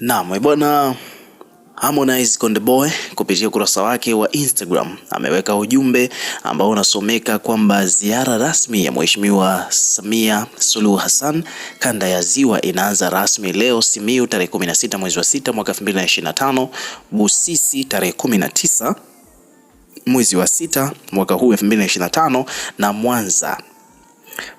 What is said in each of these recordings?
Naam bwana Harmonize Konde Boy kupitia ukurasa wake wa Instagram ameweka ujumbe ambao unasomeka kwamba ziara rasmi ya Mheshimiwa Samia Suluhu Hassan kanda ya Ziwa inaanza rasmi leo simiu tarehe 16 mwezi wa 6 mwaka 2025, Busisi tarehe 19 mwezi wa 6 mwaka huu 2025 na Mwanza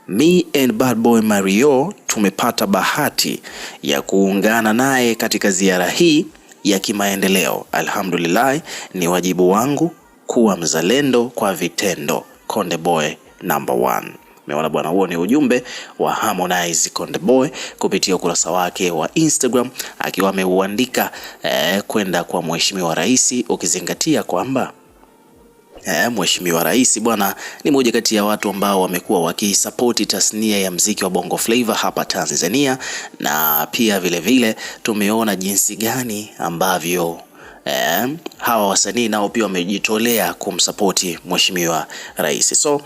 Me and Bad Boy Mario tumepata bahati ya kuungana naye katika ziara hii ya kimaendeleo. Alhamdulillah, ni wajibu wangu kuwa mzalendo kwa vitendo. Konde Boy number one. Umeona bwana, huo ni ujumbe wa Harmonize Konde Boy kupitia ukurasa wake wa Instagram akiwa ameuandika eh, kwenda kwa mheshimiwa rais, ukizingatia kwamba eh, Mheshimiwa Rais bwana ni moja kati ya watu ambao wamekuwa wakisapoti tasnia ya mziki wa Bongo Flava hapa Tanzania, na pia vilevile vile, tumeona jinsi gani ambavyo eh, hawa wasanii nao pia wamejitolea kumsapoti Mheshimiwa Rais. So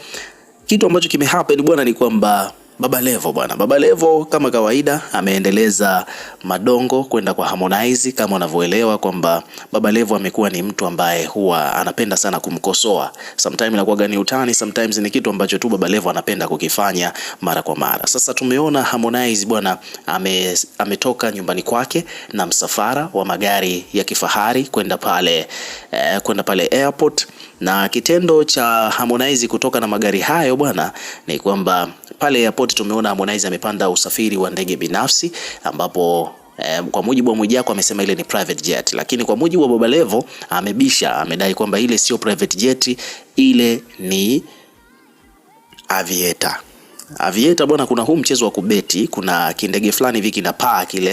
kitu ambacho kimehappen bwana ni kwamba Baba Levo bwana. Baba Levo kama kawaida ameendeleza madongo kwenda kwa Harmonize, kama unavyoelewa kwamba Baba Levo amekuwa ni mtu ambaye huwa anapenda sana kumkosoa. Sometimes inakuwa gani utani, sometimes ni kitu ambacho tu Baba Levo anapenda kukifanya mara kwa mara. Sasa tumeona Harmonize bwana ame, ametoka nyumbani kwake na msafara wa magari ya kifahari kwenda pale eh, kwenda pale airport na kitendo cha Harmonize kutoka na magari hayo bwana, ni kwamba pale airport tumeona Harmonize amepanda usafiri wa ndege binafsi ambapo eh, kwa mujibu wa Mwijaku amesema ile ni private jet, lakini kwa mujibu wa Baba Levo amebisha, amedai kwamba ile sio private jet, ile ni aviator. Avieta bwana, kuna huu mchezo wa kubeti, kuna kindege fulani hivi paa kile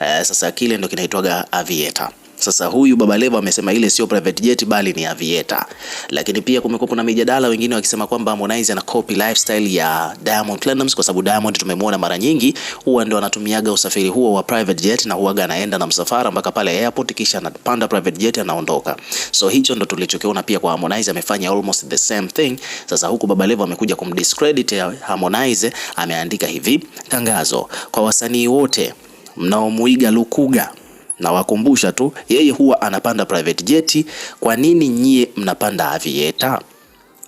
eh, sasa kile ndo kinaitwaga avieta. Sasa huyu Baba Levo amesema ile sio private jet bali ni aviator, lakini pia kumekuwa kuna mijadala wengine wakisema kwamba Harmonize ana copy lifestyle ya Diamond Platnumz, kwa sababu Diamond tumemwona mara nyingi huwa ndo anatumiaga usafiri huo wa private jet, na huwa anaenda na msafara mpaka pale airport, kisha anapanda private jet anaondoka. So hicho ndo tulichokiona pia kwa Harmonize, amefanya almost the same thing. Sasa huku Baba Levo amekuja kumdiscredit eh, Harmonize, ameandika hivi tangazo kwa wasanii wote mnaomuiga Lukuga Nawakumbusha tu yeye huwa anapanda private jet, kwa nini nyie mnapanda avieta?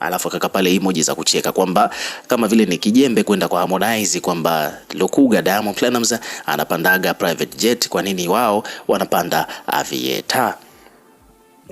Alafu kaka pale emoji za kucheka kwamba kama vile ni kijembe kwenda kwa Harmonize kwamba Lukuga Diamond Platnumz anapandaga private jet, kwa nini wao wanapanda avieta?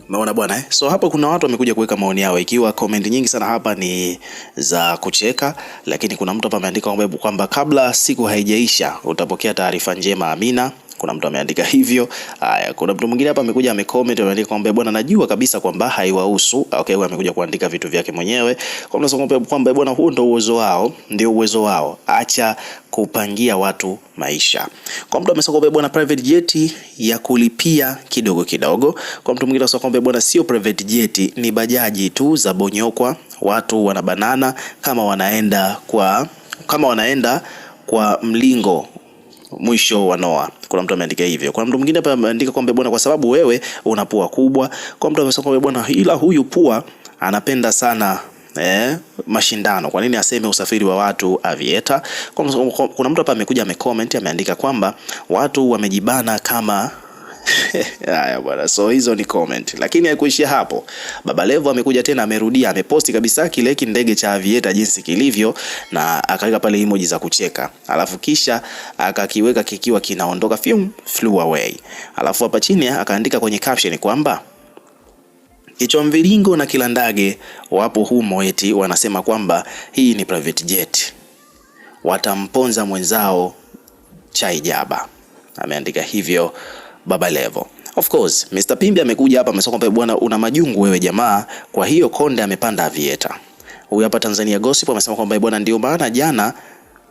Umeona bwana eh? So hapa kuna watu wamekuja kuweka maoni yao, ikiwa comment nyingi sana hapa ni za kucheka, lakini kuna mtu hapa ameandika kwamba kabla siku haijaisha utapokea taarifa njema. Amina. Kuna mtu ameandika hivyo. Haya, kuna mtu mwingine hapa amekuja amecomment ameandika kwamba bwana, najua kabisa kwamba haiwahusu. Okay, huyo amekuja kuandika vitu vyake mwenyewe. Kwa mtu kwamba bwana, huo ndio uwezo wao, ndio uwezo wao. Acha kupangia watu maisha. Kwa mtu amesema kwamba bwana, private jet ya kulipia kidogo kidogo. Kwa mtu mwingine anasema kwamba bwana, sio private jet, ni bajaji tu za bonyokwa, watu wanabanana kama wanaenda kwa kama wanaenda kwa mlingo mwisho wa Noa. Kuna mtu ameandika hivyo. Kuna mtu mwingine hapa ameandika kwamba bwana, kwa sababu wewe una pua kubwa. Kwa mtu amesema kwamba bwana, ila huyu pua anapenda sana Eh, mashindano. Kwa nini aseme usafiri wa watu avieta? Kuna mtu hapa amekuja amecomment ameandika kwamba watu wamejibana kama Haya bwana, so hizo ni comment, lakini haikuishia hapo. Baba Levo amekuja tena, amerudia, ameposti kabisa kile kindege cha avieta jinsi kilivyo, na akaweka pale emoji za kucheka, alafu kisha akakiweka kikiwa kinaondoka fium flew away, alafu hapa chini akaandika kwenye caption kwamba kichwa mviringo na kila ndage wapo humo, eti wanasema kwamba hii ni private jet, watamponza mwenzao chaijaba. Ameandika hivyo. Baba Levo. Of course, Mr. Pimbi amekuja hapa amesema kwamba bwana, una majungu wewe jamaa, kwa hiyo Konde amepanda avieta. Huyu hapa Tanzania Gossip amesema kwamba bwana, ndio maana jana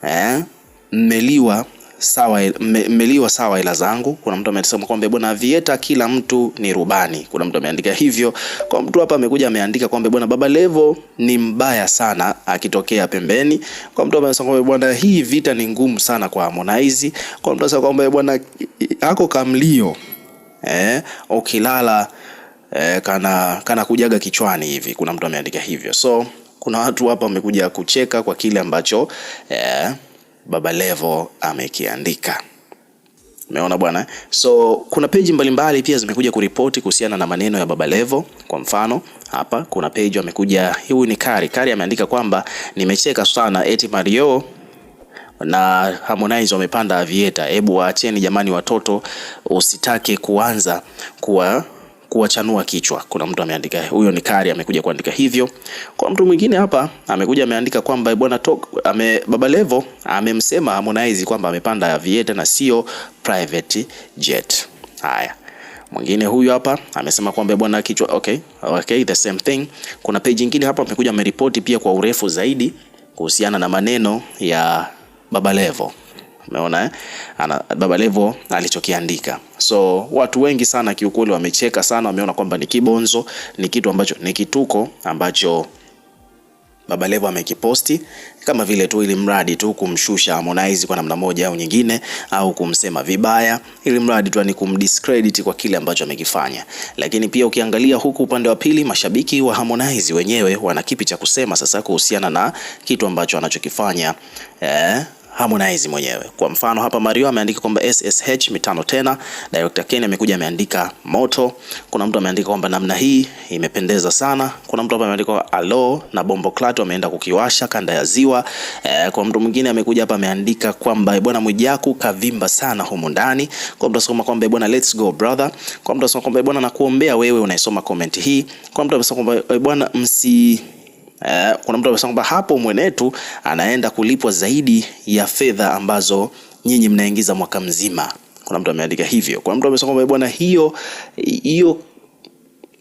eh, mmeliwa sawa mmeliwa sawa ila zangu. Kuna mtu amesema kwamba bwana Vieta kila mtu ni rubani. Kuna mtu ameandika hivyo. Kwa mtu hapa amekuja ameandika kwamba bwana Baba Levo ni mbaya sana akitokea pembeni. Kwa mtu amesema kwamba bwana hii vita ni ngumu sana kwa Harmonize. Kwa mtu amesema kwamba bwana ako kamlio eh, ukilala eh, kana kana kujaga kichwani hivi. Kuna mtu ameandika hivyo. So kuna watu hapa wamekuja kucheka kwa kile ambacho eh, Baba Levo amekiandika. Umeona bwana, so kuna peji mbalimbali pia zimekuja kuripoti kuhusiana na maneno ya Baba Levo. Kwa mfano hapa kuna peji amekuja, huyu ni Kari Kari ameandika kwamba nimecheka sana, eti Mario na Harmonize wamepanda avieta. Hebu waacheni jamani, watoto usitake kuanza kuwa kuwachanua kichwa. Kuna mtu ameandika, huyo ni Kari amekuja kuandika hivyo. Kwa mtu mwingine hapa amekuja ameandika kwamba bwana ame, Baba Levo amemsema Harmonize kwamba amepanda Aviator na sio private jet. Haya. Mwingine huyu hapa amesema kwamba bwana kichwa okay, okay, the same thing. Kuna page nyingine hapa amekuja ameripoti pia kwa urefu zaidi kuhusiana na maneno ya Baba Levo. Umeona eh? Ana Baba Levo alichokiandika. So watu wengi sana kiukweli wamecheka sana, wameona kwamba ni kibonzo, ni kitu ambacho ni kituko ambacho Baba Levo amekiposti kama vile tu ili mradi tu kumshusha Harmonize kwa namna moja au nyingine, au kumsema vibaya, ili mradi tu ni yaani kumdiscredit kwa kile ambacho amekifanya. Lakini pia ukiangalia huku upande wa pili, mashabiki wa Harmonize wenyewe wana kipi cha kusema sasa kuhusiana na kitu ambacho anachokifanya eh? Harmonize mwenyewe. Kwa mfano hapa Mario ameandika kwamba SSH mitano tena, Director Ken amekuja ameandika moto, kuna mtu ameandika kwamba namna hii imependeza sana, kuna mtu hapa ameandika alo na bombo klato ameenda kukiwasha kanda ya ziwa. E, kwa mtu mwingine amekuja hapa ameandika kwamba e bwana Mwijaku kavimba sana humu ndani. Kwa mtu asoma kwamba e bwana let's go brother. Kwa mtu asoma kwamba e bwana nakuombea wewe unaisoma comment hii. Kwa mtu asoma kwamba bwana msi Eh, kuna mtu amesema kwamba hapo mwenetu anaenda kulipwa zaidi ya fedha ambazo nyinyi mnaingiza mwaka mzima. Kuna mtu ameandika hivyo. Kuna mtu amesema kwamba eh, bwana, hiyo hiyo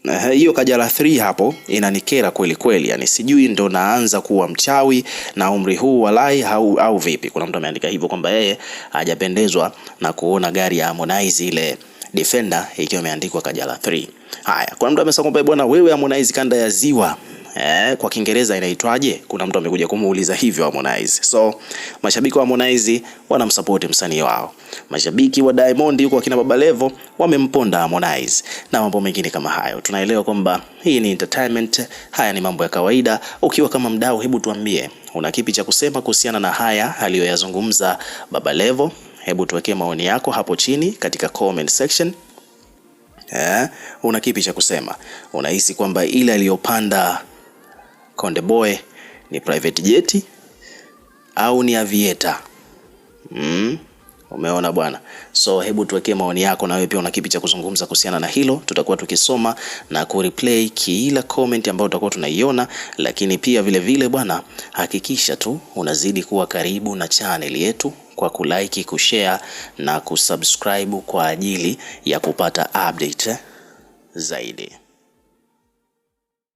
eh, hiyo Kajala 3 hapo inanikera kweli kweli, yani sijui ndo naanza kuwa mchawi na umri huu walai au, au vipi? Kuna mtu ameandika hivyo kwamba yeye hajapendezwa na kuona gari ya Harmonize ile Defender ikiwa imeandikwa Kajala 3. Haya, kuna mtu amesema kwamba bwana, wewe Harmonize kanda ya Ziwa eh, kwa Kiingereza inaitwaje? Kuna mtu amekuja kumuuliza hivyo Harmonize. So mashabiki wa Harmonize wanamsupport msanii wao. Mashabiki wa Diamond huko akina Baba Levo wamemponda Harmonize na mambo mengine kama hayo. Tunaelewa kwamba hii ni entertainment, haya ni mambo ya kawaida. Ukiwa kama mdau, hebu tuambie una kipi cha kusema kuhusiana na haya aliyoyazungumza Baba Levo? Hebu tuwekee maoni yako hapo chini katika comment section. Eh, una kipi cha kusema? Unahisi kwamba ile aliyopanda Konde Boy ni private jet au ni avieta? Mm, umeona bwana. So hebu tuwekee maoni yako, na wewe pia una kipi cha kuzungumza kuhusiana na hilo. Tutakuwa tukisoma na kureplay kila comment ambayo tutakuwa tunaiona, lakini pia vile vile bwana, hakikisha tu unazidi kuwa karibu na channel yetu kwa kulike, kushare na kusubscribe kwa ajili ya kupata update zaidi.